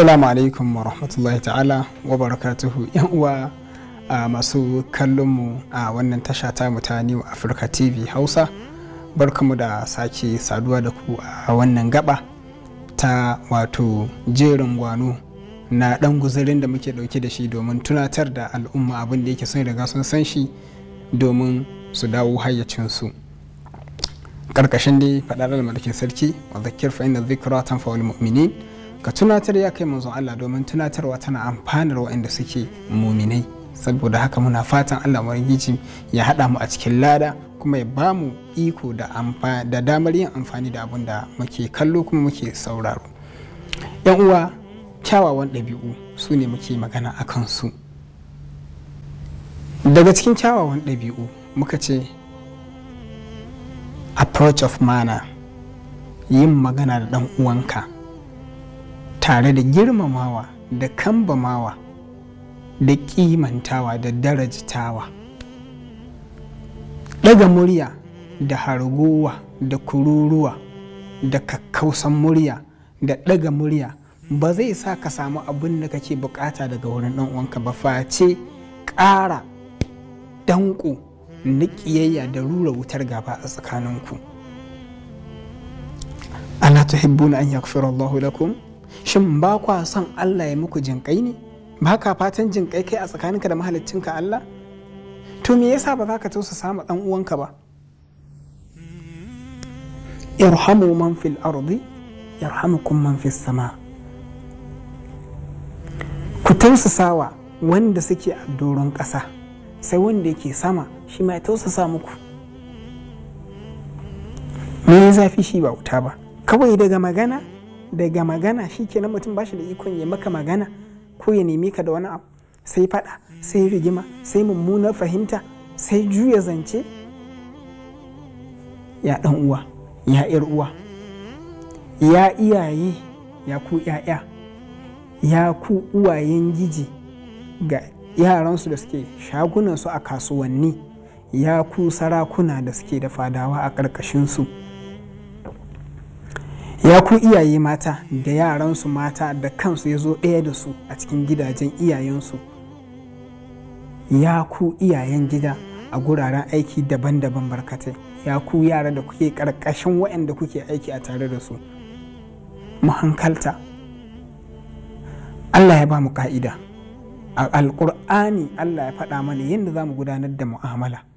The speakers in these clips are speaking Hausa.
assalamu alaikum wa rahmatullahi ta'ala wa barakatuhu yan uwa a masu kallon mu a wannan tasha ta mutane new africa tv hausa barkamu da sake saduwa da ku a wannan gaba ta wato jerin gwano na dan guzarin da muke dauke da shi domin tunatar da al'umma abin da yake sun riga sun san shi domin su dawo hayyacinsu karkashin dai faɗar mulkin sarki wa zakir fa'in da fa wani mu'minin ka tunatar ya kai manzon Allah domin tunatarwa tana amfanar waɗanda suke muminai saboda haka muna fatan Allah marigiji ya haɗa mu a cikin lada kuma ya ba mu iko da damar yin amfani da abin da muke kallo kuma muke sauraro yan uwa kyawawan ɗabi'u su ne muke magana a kansu daga cikin kyawawan ɗabi'u muka ce approach of manner yin magana da ɗan uwanka tare da girmamawa da kambamawa da kimantawa da darajatawa daga murya da harguwa da kururuwa da kakkausan murya da daga murya ba zai sa ka samu abin da kake bukata daga wurin ɗan uwanka ba face ƙara danko na ƙiyayya da rura wutar gaba a tsakaninku. Allah hibbuna an yakfira Allahu lakum shin ba kwa son Allah ya muku jinƙai ne ba ka fatan jinƙai kai a tsakaninka da mahaliccinka Allah to me yasa ba za ka tausasa ma ɗan uwanka ba irhamu man fil ardi yarhamukum man fis sama ku tausasawa wanda suke a doron ƙasa sai wanda yake sama shi ma ya tausasa muku me zafi shi ba wuta ba kawai daga magana daga magana shi kenan mutum ba shi da ikon ya maka magana ko ya nemi ka da wani abu sai faɗa sai rigima sai mummunar fahimta sai juya zance ya ɗan uwa ya ‘yar uwa ya iyaye ya ku ‘ya'ya ya ku uwayen giji ga yaransu da suke shagunansu a kasuwanni ya ku sarakuna da suke da fadawa a ƙarƙashinsu ya ku iyaye mata da yaransu mata da kansu ya zo ɗaya da su a cikin gidajen iyayensu ya ku iyayen gida a guraren aiki daban-daban barkatai ya ku yara da kuke ƙarƙashin waɗanda kuke aiki a tare da su mu allah ya ba mu ƙa'ida. a alƙur'ani allah ya faɗa mana yadda za mu gudanar da mu'amala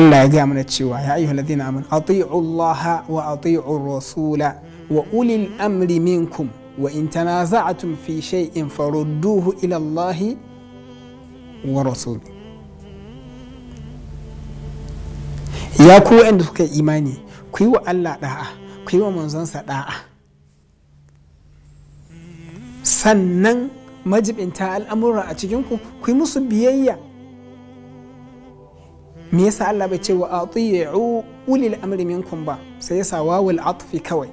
Allah ya gaya mana cewa ya ayyuhal ladina amanu atii'u Allah wa ati'u rasula wa ulil amri minkum wa in tanaza'tum fi shay'in farudduhu ila Allah wa rasul ya ku wanda suka yi imani ku yi wa Allah da'a ku yi wa manzonsa da'a sannan majibinta al'amura a cikinku ku yi musu biyayya me yasa Allah bai ce wa atiyu ulil amri minkum ba sai yasa wawul atfi kawai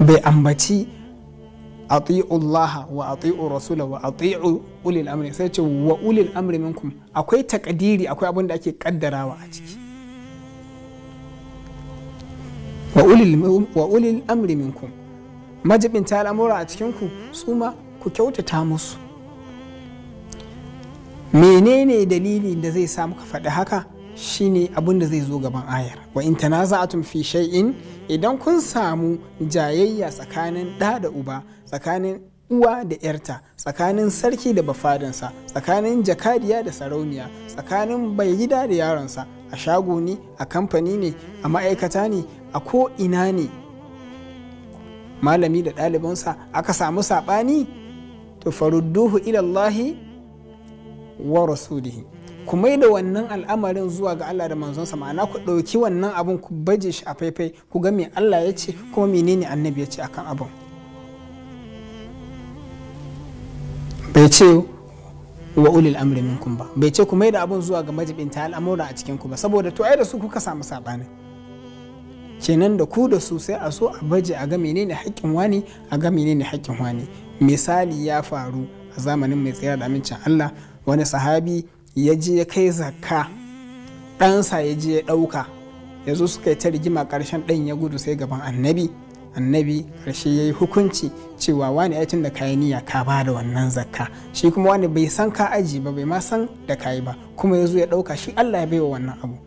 bai ambaci atiyu Allah wa atiyu rasula wa atiyu ulil amri sai ce wa ulil amri minkum akwai takadiri akwai abin da ake kaddarawa a ciki wa ulil amri minkum majibin ta al'amura a cikinku su ma ku kyautata musu menene dalili da zai sa muka faɗi haka shine abin da zai zo gaban ayar wa in tanaza'atum fi shay'in idan kun samu jayayya tsakanin ɗa da uba tsakanin uwa da ‘yarta tsakanin sarki da bafadansa tsakanin jakadiya da sarauniya tsakanin bai gida da yaronsa a shago ne a kamfani ne a ma'aikata ne a ko ina ne malami da ɗalibansa aka samu saɓani to farudduhu ilallahi wa rasulihi ku mai da wannan al'amarin zuwa ga Allah da manzonsa ma'ana ku ɗauki wannan abun ku baje shi a faifai ku ga me Allah ya ce kuma menene annabi ya ce akan abun bai ce wa ulil amri minkum ba bai ce ku mai da abun zuwa ga majibinta al'amura a cikin ku ba saboda to ai da su kuka samu sabanin kenan da ku da su sai a so a baje a ga menene haƙƙin wani a ga menene haƙƙin wani misali ya faru a zamanin mai tsira da amincin Allah wani sahabi ya je ya kai zakka ɗansa ya je ya ɗauka ya zo suka yi ta rigima ƙarshen ɗan ya gudu sai gaban annabi annabi ƙarshe ya yi hukunci cewa wani aikin da kayi niyya ka ba da wannan zakka shi kuma wani bai san ka aji ba bai ma san da kayi ba kuma ya zo ya ɗauka shi allah ya baiwa wannan abu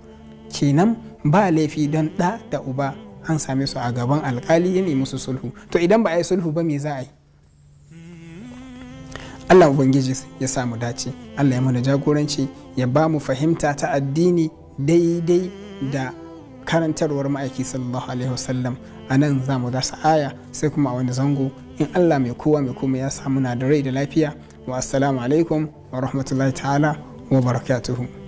kenan ba laifi don ɗa da uba an same su a gaban alkali ya nemi musu sulhu to idan ba a yi sulhu ba me za a yi Allah Ubangiji ya sa mu dace Allah ya mana jagoranci ya ba mu fahimta ta addini daidai da karantarwar ma'aiki sallallahu alaihi wasallam a nan za mu dasa aya sai kuma a wani zango in Allah mai kowa mai kuma ya samu na da rai da lafiya wa assalamu alaikum wa rahmatullahi ta'ala wa barakatuhu